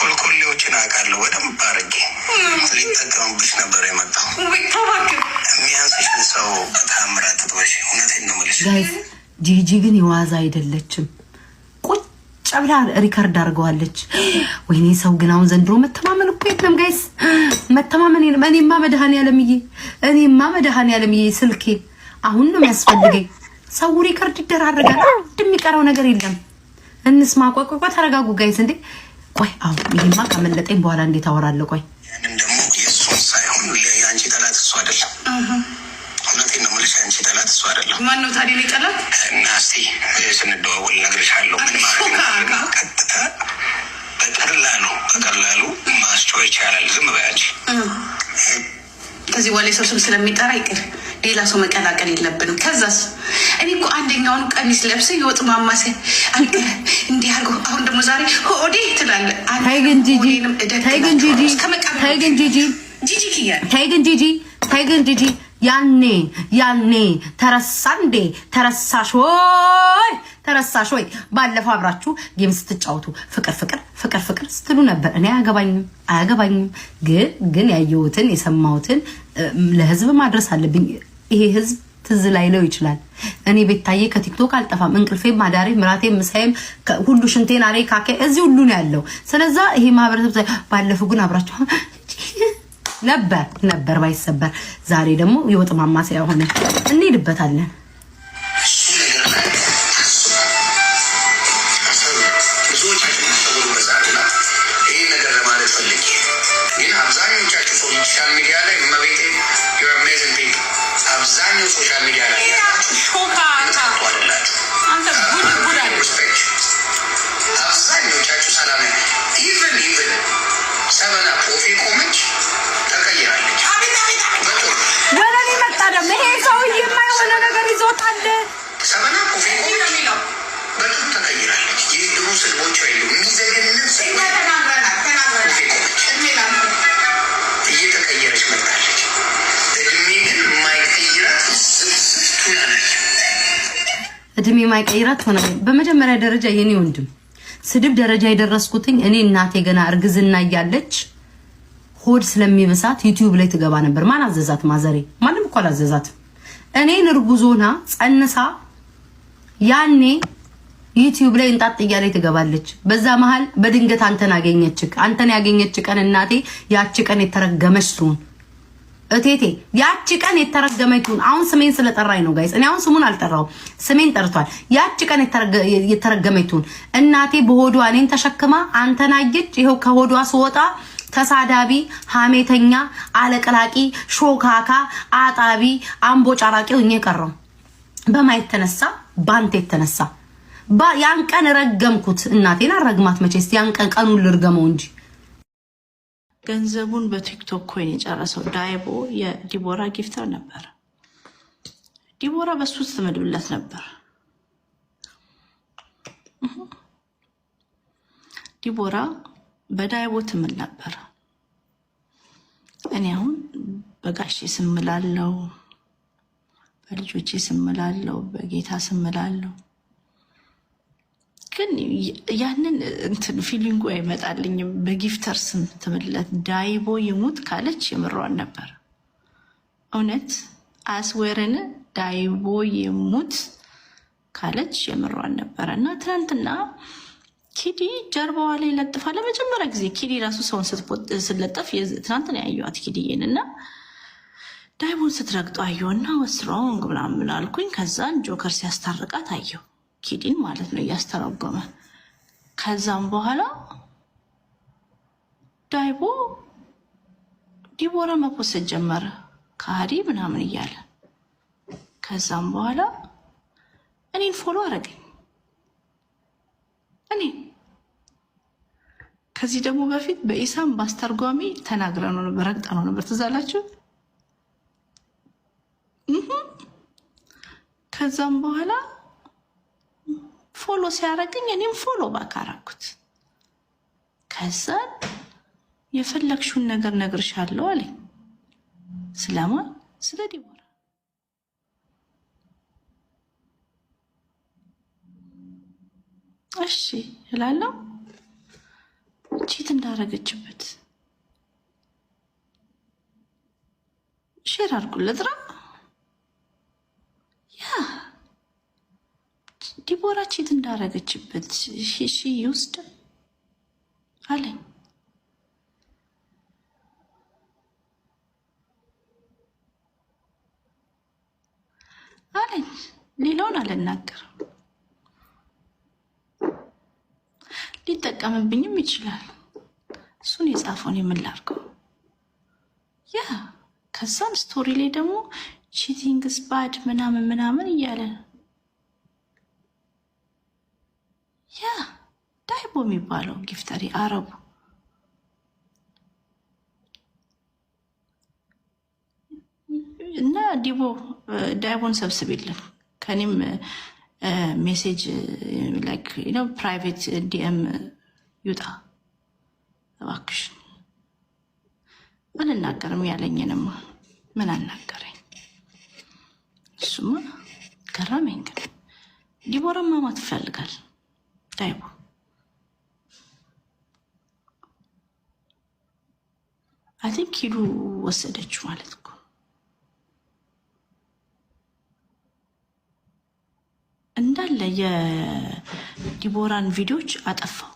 ኮልኮሌዎችን አውቃለሁ በደንብ አድርጌ። ሊጠቀምብሽ ነበር የመጣው የሚያንስሽ ሰው በታምራት ትበሽ። እውነቴን ነው የምልሽ ጂጂ ግን የዋዛ አይደለችም። ቁጭ ብላ ሪከርድ አድርገዋለች። ወይኔ ሰው ግን አሁን ዘንድሮ መተማመን እኮ የለም ጋይስ፣ መተማመን የለም። እኔማ መድኃኔዓለምዬ፣ እኔማ መድኃኔዓለምዬ ስልኬ አሁን ነው የሚያስፈልገኝ። ሰው ሪከርድ ይደራረጋል። አንድ የሚቀረው ነገር የለም። እንስማ። ቆይ ቆይ ቆይ ተረጋጉ ጋይስ። እንዴ ቆይ አሁን ይሄማ ከመለጠኝ በኋላ እንዴት አወራለሁ? ቆይ ያንን ደግሞ የእሱን በቀላሉ በቀላሉ ይቻላል። ዝም በያች ከዚህ በኋላ የሰው ስም ስለሚጠራ ይቅር፣ ሌላ ሰው መቀላቀል የለብንም። ከዛስ እኔ እኮ አንደኛውን ቀሚስ ለብሰ የወጥ ማማሰ እንዲህ አርጎ አሁን ደግሞ ዛሬ ሆዴ ትላለ። ታይግን ጂጂ ጂጂ ጂጂ ጂጂ ክያ ጂጂ ጂጂ ያኔ ያኔ ተረሳ እንዴ? ተረሳሽ ወይ? ተረሳሽ ወይ? ባለፈው አብራችሁ ጌም ስትጫወቱ ፍቅር ፍቅር ፍቅር ፍቅር ስትሉ ነበር። እኔ አያገባኝም አያገባኝም፣ ግን ግን ያየሁትን የሰማሁትን ለህዝብ ማድረስ አለብኝ። ይሄ ህዝብ ትዝ ላይ ላይለው ይችላል። እኔ ቤታዬ ከቲክቶክ አልጠፋም። እንቅልፌም፣ ማዳሪ፣ ምራቴ፣ ምሳይም ሁሉ ሽንቴን አሬ ካኬ እዚህ ሁሉ ነው ያለው። ስለዛ ይሄ ማህበረሰብ ባለፉ ግን አብራቸው ነበር ነበር ባይሰበር ዛሬ ደግሞ የወጥ ማማሰያ ሆነ። እንሄድበታለን። እድሜ የማይቀይራት ሆነ። በመጀመሪያ ደረጃ የኔ ወንድም ስድብ ደረጃ የደረስኩትኝ እኔ እናቴ ገና እርግዝና እያለች ሆድ ስለሚበሳት ዩቲዩብ ላይ ትገባ ነበር። ማን አዘዛት? ማዘሬ ማንም እኮ አላዘዛትም። እኔን እርጉዞና ጸንሳ ያኔ ዩቲዩብ ላይ እንጣጥያ ላይ ትገባለች። በዛ መሀል በድንገት አንተን አገኘች። አንተን ያገኘች ቀን እናቴ ያች ቀን የተረገመች ትሁን። እቴቴ ያቺ ቀን የተረገመችውን አሁን ስሜን ስለጠራኝ ነው ጋይስ። እኔ አሁን ስሙን አልጠራው ስሜን ጠርቷል። ያቺ ቀን የተረገመችውን እናቴ በሆዷ እኔን ተሸክማ አንተን አየች። ይኸው ከሆዷ ስወጣ ተሳዳቢ፣ ሀሜተኛ፣ አለቅላቂ፣ ሾካካ፣ አጣቢ፣ አምቦ ጫራቂ ሆኜ ቀረው። በማ የተነሳ ባንተ የተነሳ ያን ቀን ረገምኩት። እናቴን አረግማት መቼስ ያን ቀን ቀኑን ልርገመው እንጂ ገንዘቡን በቲክቶክ ኮይን የጨረሰው ዳይቦ የዲቦራ ጊፍተር ነበረ። ዲቦራ በሱ ስትመድብለት ነበር። ዲቦራ በዳይቦ ትምል ነበር። እኔ አሁን በጋሼ ስምላለው፣ በልጆቼ ስምላለው፣ በጌታ ስምላለው ግን ያንን እንትን ፊሊንጉ አይመጣልኝም። በጊፍተር ስም ትምለት ዳይቦ ይሙት ካለች የምሯን ነበር። እውነት አስዌርን ዳይቦ ይሙት ካለች የምሯን ነበረ እና ትናንትና ኪዲ ጀርባዋ ላይ ለጥፋ ለመጀመሪያ ጊዜ ኪዲ ራሱ ሰውን ስለጠፍ ትናንትና ያየዋት ኪዲዬን እና ዳይቦን ስትረግጦ እና ወስሮንግ ምናምን አልኩኝ። ከዛን ጆከር ሲያስታርቃት አየው። ኪዲን ማለት ነው እያስተረጎመ። ከዛም በኋላ ዳይቦ ዲቦራ መኮሰት ጀመረ፣ ከሀዲ ምናምን እያለ ከዛም በኋላ እኔን ፎሎ አረገኝ። እኔ ከዚህ ደግሞ በፊት በኢሳም በአስተርጓሚ ተናግረ ነው ነበር፣ ረግጠን ነው ነበር። ትዛላችሁ ከዛም በኋላ ፎሎ ሲያረግኝ እኔም ፎሎ ባክ አረኩት። ከዛ የፈለግሽውን ነገር ነግርሻለሁ አለኝ። ስለማን ስለ ዲቦራ። እሺ እላለሁ ቺት እንዳረገችበት ሼር አድርጉለት። ዲቦራ ቺት እንዳረገችበት ሺ ይውስድ አለኝ። አለኝ ሌላውን አልናገርም። ሊጠቀምብኝም ይችላል። እሱን የጻፈውን የምላርገው ያ ከዛም ስቶሪ ላይ ደግሞ ቺቲንግስ ባድ ምናምን ምናምን እያለ ነው የሚባለው ጊፍተሪ አረቡ እና ዲቦ ዳይቦን ሰብስቤልን ከኔም ሜሴጅ ላይክ ፕራይቬት ዲኤም ይውጣ እባክሽ። አልናገርም ያለኝንም ምን አናገረኝ? እሱማ ገረመኝ። ግን ዲቦራ ማማ ትፈልጋል ዳይቦ አይንክ ኪሉ ወሰደች ማለት እኮ እንዳለ የዲቦራን ቪዲዮዎች አጠፋው።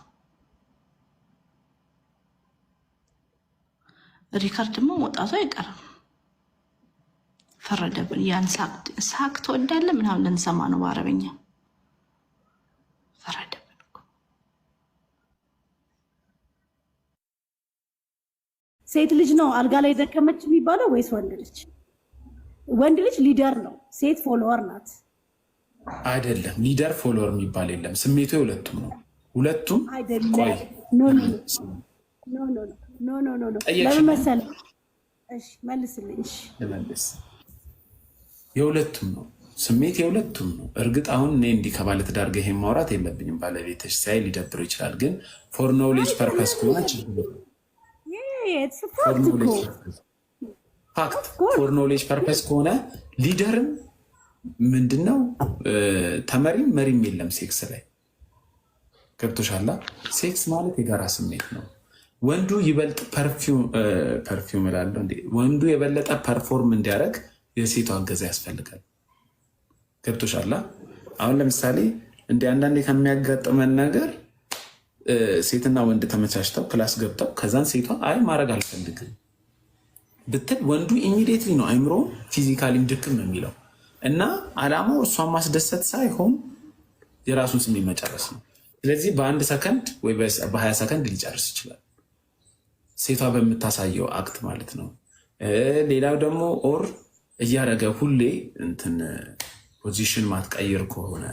ሪካርድ ደግሞ መውጣቱ አይቀርም። ፈረደብን። ያን ሳቅ ትወዳለህ ምናምን ልንሰማ ነው በአረበኛ ሴት ልጅ ነው አልጋ ላይ ደከመች የሚባለው ወይስ ወንድ ልጅ? ወንድ ልጅ ሊደር ነው፣ ሴት ፎሎወር ናት። አይደለም፣ ሊደር ፎሎወር የሚባል የለም። ስሜቱ የሁለቱም ነው። ሁለቱም ቆይ ለምን መሰለህ? መልስልኝ። ልመልስ። የሁለቱም ነው ስሜት የሁለቱም ነው። እርግጥ አሁን እኔ እንዲህ ከባለ ትዳር ጋር ይሄን ማውራት የለብኝም። ባለቤትሽ ሳይ ሊደብረው ይችላል። ግን ፎር ኖውሌጅ ፐርፐስ ከሆነ ችግር ፋክት ፎር ኖሌጅ ፐርፐስ ከሆነ ሊደርም ምንድነው ተመሪም መሪም የለም ሴክስ ላይ ገብቶሻላ። ሴክስ ማለት የጋራ ስሜት ነው። ወንዱ ይበልጥ ፐርፊውም ወንዱ የበለጠ ፐርፎርም እንዲያደርግ የሴቷ እገዛ ያስፈልጋል። ገብቶሻላ። አሁን ለምሳሌ እንደ አንዳንዴ ከሚያጋጥመን ነገር ሴትና ወንድ ተመቻችተው ክላስ ገብተው ከዛን ሴቷ አይ ማድረግ አልፈልግም ብትል ወንዱ ኢሚዲየትሊ ነው አይምሮ ፊዚካሊ ድክም ነው የሚለው እና አላማው እሷን ማስደሰት ሳይሆን የራሱን ስሜት መጨረስ ነው። ስለዚህ በአንድ ሰከንድ ወይ በሀያ ሰከንድ ሊጨርስ ይችላል፣ ሴቷ በምታሳየው አክት ማለት ነው። ሌላው ደግሞ ኦር እያደረገ ሁሌ እንትን ፖዚሽን ማትቀይር ከሆነ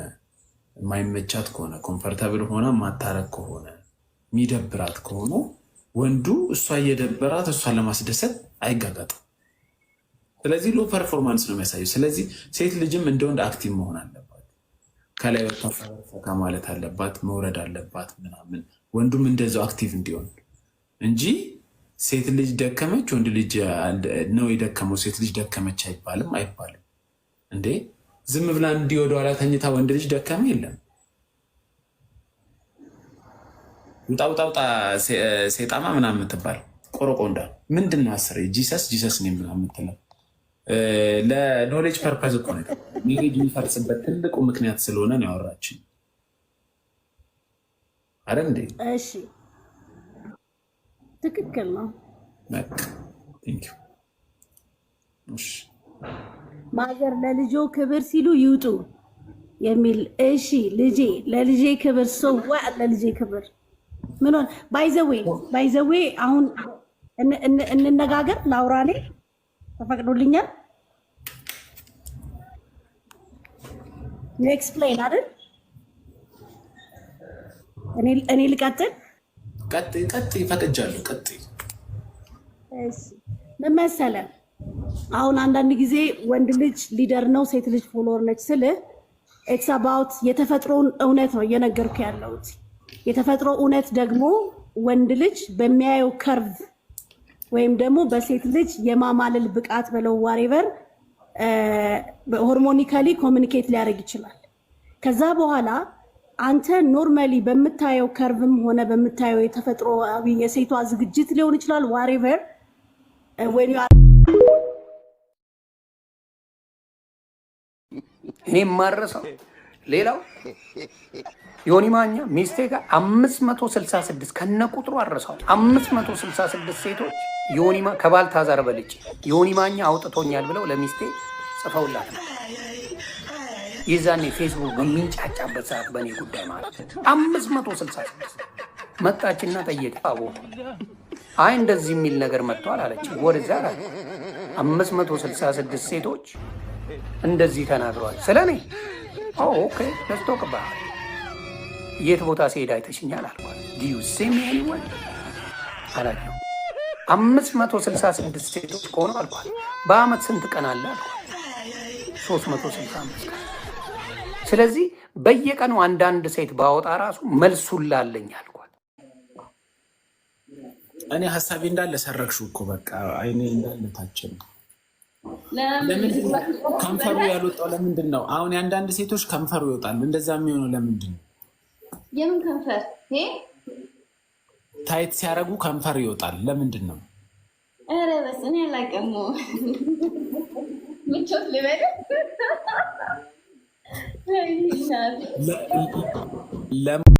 የማይመቻት ከሆነ ኮምፈርታብል ሆና ማታረግ ከሆነ የሚደብራት ከሆነ ወንዱ እሷ እየደበራት እሷን ለማስደሰት አይጋጋጥም። ስለዚህ ሎ ፐርፎርማንስ ነው የሚያሳዩ። ስለዚህ ሴት ልጅም እንደ ወንድ አክቲቭ መሆን አለባት። ከላይ በፈካ ማለት አለባት፣ መውረድ አለባት ምናምን። ወንዱም እንደዛው አክቲቭ እንዲሆን እንጂ ሴት ልጅ ደከመች ወንድ ልጅ ነው የደከመው ሴት ልጅ ደከመች አይባልም አይባልም እንዴ ዝም ብላ እንዲህ ኋላ ተኝታ ወንድ ልጅ ደካሚ የለም። ምጣውጣውጣ ሴጣማ ምናምን የምትባል ቆረቆ እንዳ ምንድን ነው አስር ጂሰስ ጂሰስ ነው ምናምን የምትለው ለኖሌጅ ፐርፐዝ እኮ ነው። ኖሌጅ የሚፈርስበት ትልቁ ምክንያት ስለሆነ ነው ያወራችን አረ እንዴ! እሺ ትክክል ነው። እሺ ማዘር ለልጆ ክብር ሲሉ ይውጡ የሚል እሺ፣ ልጄ ለልጄ ክብር ሰው ለልጄ ክብር ምን ሆነ? ባይዘዌ ባይዘዌ አሁን እንነጋገር ላውራ እኔ ተፈቅዶልኛል። ኤክስፕሌን አይደል? እኔ ልቀጥል። ቀጥ ቀጥ ፈቅጃለሁ። ቀጥ ምን መሰለህ አሁን አንዳንድ ጊዜ ወንድ ልጅ ሊደር ነው፣ ሴት ልጅ ፎሎወር ነች ስልህ ኢትስ አባውት የተፈጥሮውን እውነት ነው እየነገርኩ ያለሁት። የተፈጥሮ እውነት ደግሞ ወንድ ልጅ በሚያየው ከርቭ ወይም ደግሞ በሴት ልጅ የማማለል ብቃት በለው ዋሬቨር ሆርሞኒካሊ ኮሚኒኬት ሊያደርግ ይችላል። ከዛ በኋላ አንተ ኖርማሊ በምታየው ከርቭም ሆነ በምታየው የተፈጥሮዊ የሴቷ ዝግጅት ሊሆን ይችላል ዋሬቨር ወይ እኔ ማረሰው ሌላው ዮኒ ማኛ ሚስቴ ጋር 566 ከነ ቁጥሩ አረሰው 566 ሴቶች ዮኒ ከባል ታዛር በልጭ ዮኒ ማኛ አውጥቶኛል ብለው ለሚስቴ ጽፈውላት ነው። የዛኔ ፌስቡክ በሚንጫጫበት ሰዓት በእኔ ጉዳይ ማለት ነው። መጣችና ጠየቀ አቦ አይ እንደዚህ የሚል ነገር መጥቷል አለች። ወደዛ 566 ሴቶች እንደዚህ ተናግረዋል ስለ እኔ። ኦኬ ለስቶ ቅባ የት ቦታ ሲሄድ አይተሽኛል አልኳት። ዲዩ ሴም ይሆን አላቸው። አምስት መቶ ስልሳ ስድስት ሴቶች ከሆኑ አልኳት በአመት ስንት ቀን አለ አልኳት። ሶስት መቶ ስልሳ አምስት ቀን። ስለዚህ በየቀኑ አንዳንድ ሴት ባወጣ ራሱ መልሱን ላለኝ አልኳት። እኔ ሀሳቤ እንዳለ ሰረግሹ እኮ በቃ አይኔ እንዳለ ታችን ከንፈሩ ያልወጣው ለምንድን ነው? አሁን የአንዳንድ ሴቶች ከንፈሩ ይወጣል። እንደዛ የሚሆነው ለምንድን ነው? የምን ከንፈር? ታይት ሲያደርጉ ከንፈር ይወጣል። ለምንድን ነው? ኧረ በስመ አላውቅም። ምቾት ልበል።